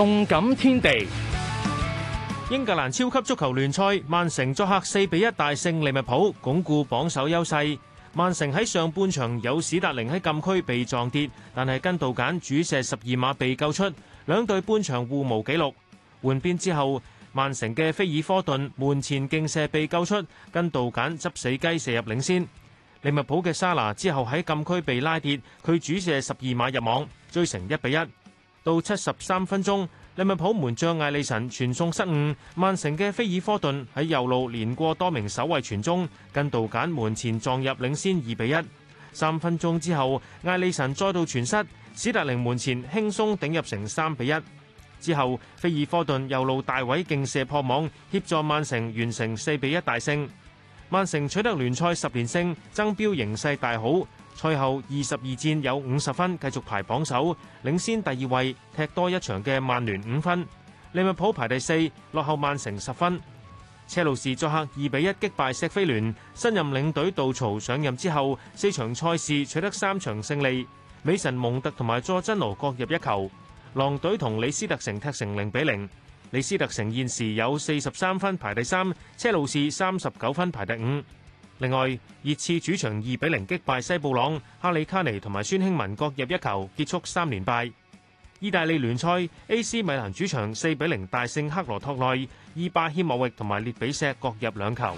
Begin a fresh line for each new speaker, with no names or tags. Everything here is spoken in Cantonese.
動感天地，英格蘭超級足球聯賽，曼城作客四比一大勝利物浦，鞏固榜首優勢。曼城喺上半場有史達寧喺禁區被撞跌，但係跟道簡主射十二碼被救出，兩隊半場互無紀錄。換邊之後，曼城嘅菲爾科頓門前勁射被救出，跟道簡執死雞射入領先。利物浦嘅沙拿之後喺禁區被拉跌，佢主射十二碼入網，追成一比一。到七十三分鐘，利物浦門將艾利臣傳送失誤，曼城嘅菲爾科頓喺右路連過多名守衞傳中，根度簡門前撞入，領先二比一。三分鐘之後，艾利臣再度傳失，史特靈門前輕鬆頂入成三比一。之後，菲爾科頓右路大位勁射破網，協助曼城完成四比一大勝。曼城取得聯賽十連勝，爭標形勢大好。賽後二十二戰有五十分，繼續排榜首，領先第二位踢多一場嘅曼聯五分。利物浦排第四，落後曼城十分。車路士作客二比一擊敗錫菲聯，新任領隊杜曹上任之後四場賽事取得三場勝利。美神蒙特同埋佐真奴各入一球。狼隊同李斯特城踢成零比零。李斯特城現時有四十三分排第三，車路士三十九分排第五。另外，熱刺主場二比零擊敗西布朗，哈利卡尼同埋孫興文各入一球，結束三連敗。意大利聯賽，AC 米蘭主場四比零大勝克羅托內，伊巴希莫域同埋列比錫各入兩球。